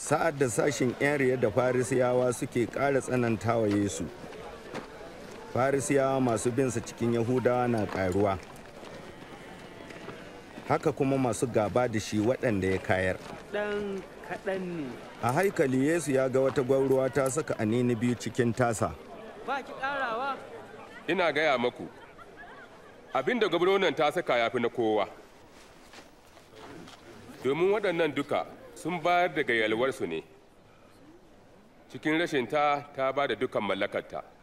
sa'ad da sashin 'yan da farisiyawa suke ƙara tsanantawa yesu farisiyawa masu binsa cikin yahudawa na ƙaruwa haka kuma masu gaba da shi waɗanda ya kayar ɗan kaɗan ne a haikali yesu ya ga wata gwauruwa ta saka anini biyu cikin tasa ba ki ƙarawa ina gaya maku abinda gwauruwa ta saka ya fi na kowa domin waɗannan duka sun bayar da yalwarsu ne cikin rashinta ta ba da dukkan mallakarta